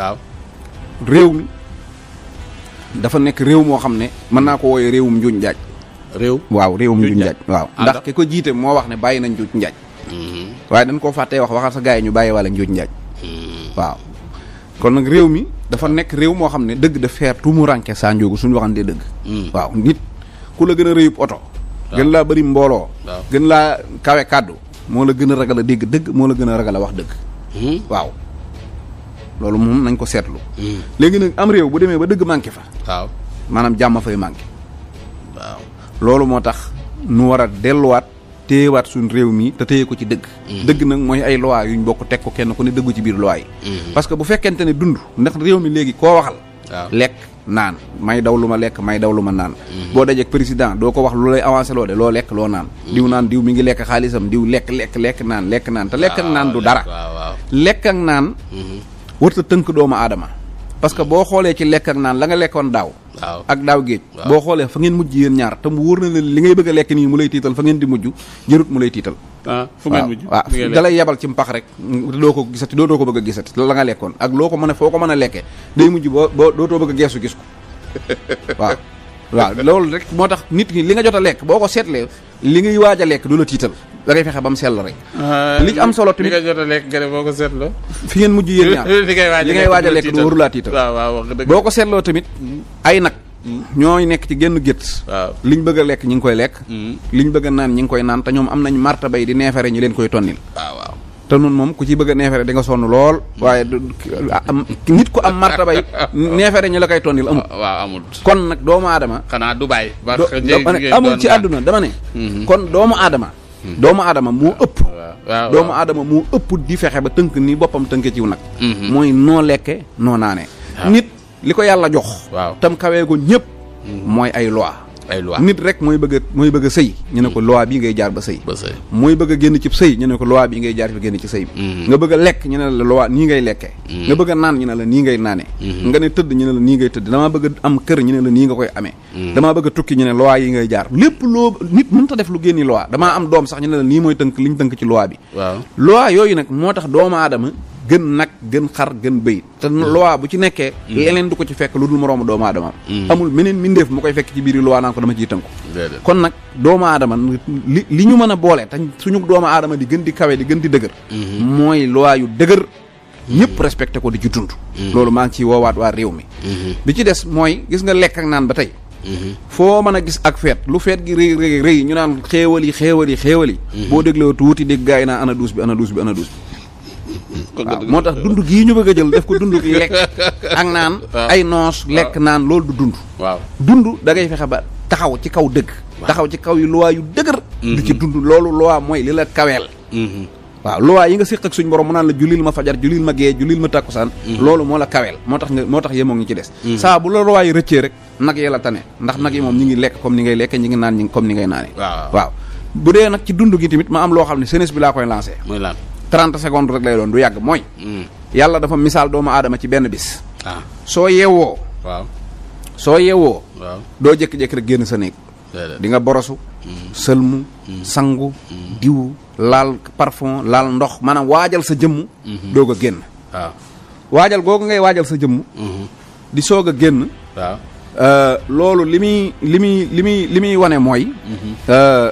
waaw réew mi dafa nekk réew moo xam ne mën naa ko wooyee réewum njuuñ njaaj réew waaw réewum njuuñ njaaj waaw ah, ndax ki ko jiite moo wax ne bàyyi na njuuj njaaj mm-hmm. waaye dañ koo fàttee wax waxal sa gars yi ñu bàyyi wala njuuj njaaj mm-hmm. waaw kon nag réew mi dafa nekk réew moo xam ne dëgg da feer tumuranke saa njóogu suñu waxantee dëgg mm. waaw nit ku la gën a rëyub oto gën laa bari mbooloo gën laa kawe kàddu moo la gën a ragal a dégg dëgg moo la gën a ragal a wax dëgg mm-hmm. waaw loolu moom nañ ko seetlu. Hmm. léegi nag am réew bu demee ba dëgg manqué fa. waaw maanaam jàmm fay manqué. waaw loolu moo tax nu war a delluwaat téyewaat suñu réew mi te téye ko ci dëgg. Hmm. dëgg nag mooy ay loi yuñ bokk teg ko kenn ku ne dëggu ci biir loi hmm. parce que bu fekkente ne dund ndax réew mi léegi koo waxal. lekk naan may daw lu ma lekk may daw lu ma naan. boo dajee président doo ko wax lu lay avance loo de loo lekk loo naan. diw naan diw mi ngi lekk xaalisam diw lekk lekk lekk naan lekk naan. te naan du dara. lekk ak naan. warta tënk doomu aadama parce que boo xoolee ci lekk ak naan la nga lekkoon daaw ak daaw géej boo xoolee fa ngeen mujj yéen ñaar te mu wóor na leen li ngay bëgg a lekk nii mu lay tiital fa ngeen di mujj jërut mu lay tiital ah fu ngeen mujj yebal ci mpax rek doo ko gisati doo doo ko bëgg a gisati la nga lekkoon ak loo ko mën a foo ko mën a lekkee day mujj boo boo dootoo bëgg a geesu gis ko waaw waaw loolu rek moo tax nit ki li nga jot a lekk boo ko seetlee li ngay waaj a lekk du la tiital da fexe ba mu sell rek. Ah, li ci am solo tamit li nga jot a lekk gën ngeen mujj yéen ñaar li ngay waaj a lekk du warul laa waaw waaw wax boo ko seetloo tamit hmm. ay nag. Hmm. ñooy nekk ci génn gétt li ñu bëgg lekk ñi ngi koy lekk. Hmm. liñ bëgg a naan ñi ngi koy naan te ñoom am nañ marta bay di neefere ñi leen koy tonnil. te nun moom ku ci bëgg a neefere nga sonn lool. waaye am nit ku am marta bay neefere ñi la koy tonnil amul. waaw amul kon nag doomu aadama. xanaa Dubaay. amul ci àdduna dama ne. kon doomu aadama doomu aadama moo ëpp. doomu aadama moo ëpp di fexe ba tënk ni boppam tënk ciw nag. Mhm. mooy noo lekke noo naane. nit li ko yàlla jox. tam kawee ko ñëpp. Mhm. mooy ay loi ay loi nit rek mooy bëgg mooy bëgg a sëy ñu ne ko loi bi ngay jaar ba sëy mooy bëgg a génn ci sëy ñu ko loi bi ngay jaar bi génn ci sëy bi mm-hmm. nga bëgg a lekk ñu ne la loi nii ngay lekkee mm-hmm. nga bëgg a naan ñu ne la nii ngay naane mm-hmm. nga ne tëdd ñu ne la nii ngay tëdd damaa bëgg a am kër ñu la nii nga koy amee damaa bëgg tukki ñu ne loi yi ngay jaar lépp loo nit mënta def lu génni loi damaa am doom sax ñu ne la nii mooy tënk liñ tënk ci loi bi loi yooyu nag moo tax doomu aadama gën nag gën xar gën bëy te hmm. loi bu ci nekkee leneen hmm. di ko ci fekk lu dul moroomu doomu aadama hmm. amul meneen mindeef mu koy fekk ci biiri loi naan ko dama ciy tënku kon nag doomu aadama li li ñu mën a boole te suñu doomu aadama di gën di kawe di gën di dëgër mooy loi yu dëgër ñëpp respecté ko di ci dund loolu maa ngi ciy woowaat waa réew mi bi ci des mooy gis nga lekk ak naan ba tey foo mën a gis ak feet lu feet gi rëy rëy rëy ñu naan xéewal yi xéewal yi xéewal yi boo dégloo tuuti dégg gaa yi naa ana ana duus bi ana duus moo tax dund gii ñu bëgg a jël def ko dund gi lekk ak naan ay noos lekk naan loolu du dund waaw dund da ngay fexe ba taxaw ci kaw dëgg taxaw ci kaw yu loi yu dëgër mm-hmm. du ci dund loolu loi mooy li la kaweel mm-hmm. waaw luwaa yi nga séq ak suñu borom mu naan la julil ma fajar julil ma gee julil ma tàkkusaan mm-hmm. loolu moo la kaweel moo tax nga moo tax yemoo ngi ci des saa bu la luwaa rëccee rek nag yi la tane ndax nag yi moom ñi ngi lekk comme ni ngay lekke ñi ngi naan ñi comme ni ngay naane dund gi loo xam ne jeunesse bi laa koy lancé 30 secondes rek lay doon du yàgg mooy. Mm. yàlla dafa misaal doomu aadama ci benn bis. ah soo yeewoo. soo yeewoo. doo jékki-jékki rek génn sa néeg. di nga borosu. Mm. sëlmu. Mm. sangu. diw laal parfum laal ndox maanaam waajal sa jëmm. Mm-hmm. a génn. Ah. waajal googu ngay waajal sa jëmm. Mm-hmm. di soog a génn. Ah. Euh, loolu li muy li muy li muy li muy wane mooy. Mm-hmm. Euh,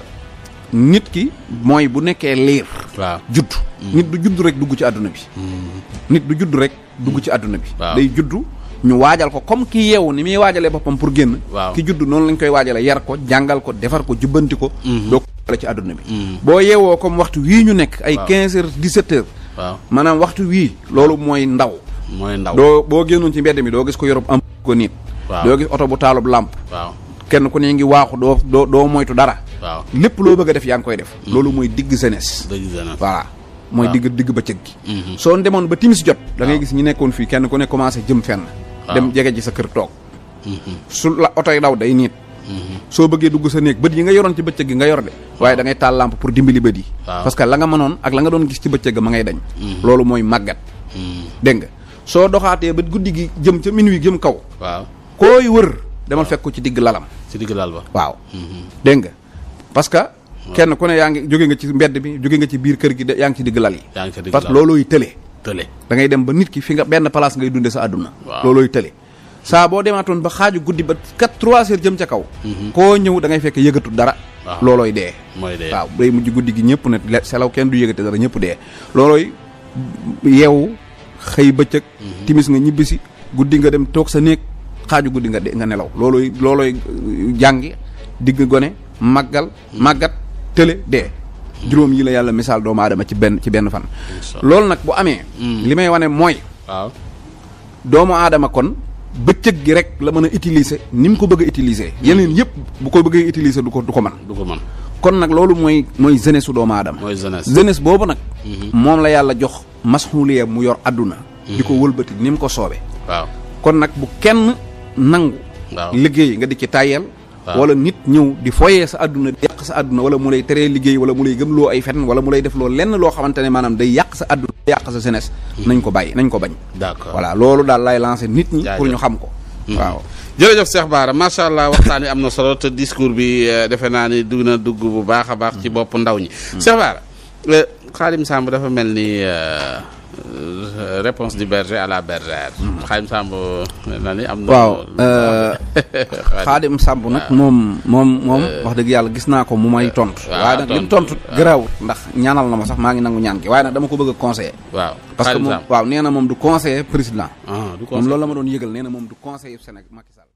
nit ki mooy bu nekkee liir. waaw judd nit du judd hmm. rek dugg ci àdduna bi nit du juddu rek dugg ci àdduna bi hmm. hmm. day juddu ñu waajal ko comme ki yeewu ni muy waajalee boppam pour génn waaw ki judd noonu lañ koy waajale yar ko jàngal ko defar ko jubbanti ko doo ko ci àdduna bi boo yeewoo comme waxtu wii ñu nekk ay quinze heures dix-sept heures maanaam waxtu wii loolu mooy ndaw mooy ndaw doo boo génnoon ci mbedd mi doo gis ko yorub am ko nit doo gis oto bu taalub làmp kenn ku ne ngi waaxu doo doo doo moytu dara waaw lépp loo bëgg a def yaa ngi koy def. Mm-hmm. loolu mooy digg jeunesse. digg jeunesse voilà. mooy digg digg bëccëg gi. Mm-hmm. soo demoon ba timis jot. da ngay gis ñi nekkoon fii kenn ku ne commencé jëm fenn. dem jege ji sa kër toog. Mm-hmm. su la oto yi daw day niit. soo bëggee dugg sa néeg bët yi nga yoroon ci bëccëg gi nga yor de. waaye da ngay taal lampe pour dimbali bët yi. parce que la nga mënoon ak la nga doon gis ci bëccëg ma ngay dañ. loolu mooy màggat. dégg nga soo doxaatee ba guddi gi jëm ca minuit jëm kaw. waaw kooy wër demal fekk ci digg lalam. ci digg lal ba waaw. dégg nga parce que kenn ku ne yaa ngi jóge nga ci mbedd bi jóge nga ci biir kër gi de yaa ngi ci digg lal yi parce que loolooy tële tële da ngay dem ba nit ki fi nga benn place ngay dunde sa àdduna loolooy tële saa boo demaatoon ba xaaju guddi ba quatre trois heures jëm ca kaw mhm. koo ñëw da ngay fekk yëgatu dara loolooy dee waaw day mujj guddi gi ñëpp na selaw kenn du yëgate dara ñëpp dee loolooy yeewu xëy bëccëg mhm. timis nga ñibbisi guddi nga dem toog sa néeg xaaju guddi nga de nga nelaw loolooy loolooy euh, jàngi digg gone màggal màggat tële de juróom yi la yàlla misaal doomu aadama ci benn ci benn fan loolu nag bu amee mm. li may wane mooy waaw doomu aadama kon bëccëg gi rek la mën a utiliser ni mu ko bëgg a utiliser mm. yeneen yëpp bu ko bëggee utiliser du ko du ko mën du ko mën kon nag loolu mooy mooy jeunesse su doomu aadama mooy jeunesse jeunesse boobu nag mm-hmm. moom la yàlla jox masxuliya mu yor àdduna di ko mm-hmm. wëlbati ni mu ko soobe kon nag bu kenn nangu waaw liggéey nga di ci tàyyeel wala nit ñëw di fooyee sa àdduna di yàq sa àdduna wala mu lay teree liggéey wala mu lay gëmloo ay fen wala mu lay def loo lenn loo xamante ne maanaam day yàq sa àdduna day yàq sa jeunesse hmm. nañ ko bàyyi nañ ko bañ d'accord voilà loolu daal lay lancé nit ñi pour ñu xam ko hmm. waaw jërëjëf Cheikh Bara macha allah waxtaan wi am na solo te discours bi euh, defe naa ni dugg na dugg bu baax a baax ci hmm. bopp ndaw ñi Cheikh Bara euh, Khadim Samb dafa mel ni euh, Euh, réponse du berger à la bergère. Xaadim Samb na ni am na. waaw euh, Xaadim Samb nag moom moom moom euh, wax dëgg yàlla gis naa ko mu may tont waaye nag li mu tontu garaawut ndax ñaanal na ma sax maa ngi nangu ñaan gi waaye nag dama ko bëgg a conseiller. waaw parce que moom waaw nee na moom du ah, moom loolu la ma doon yëgal nee moom du conseiller Sénégal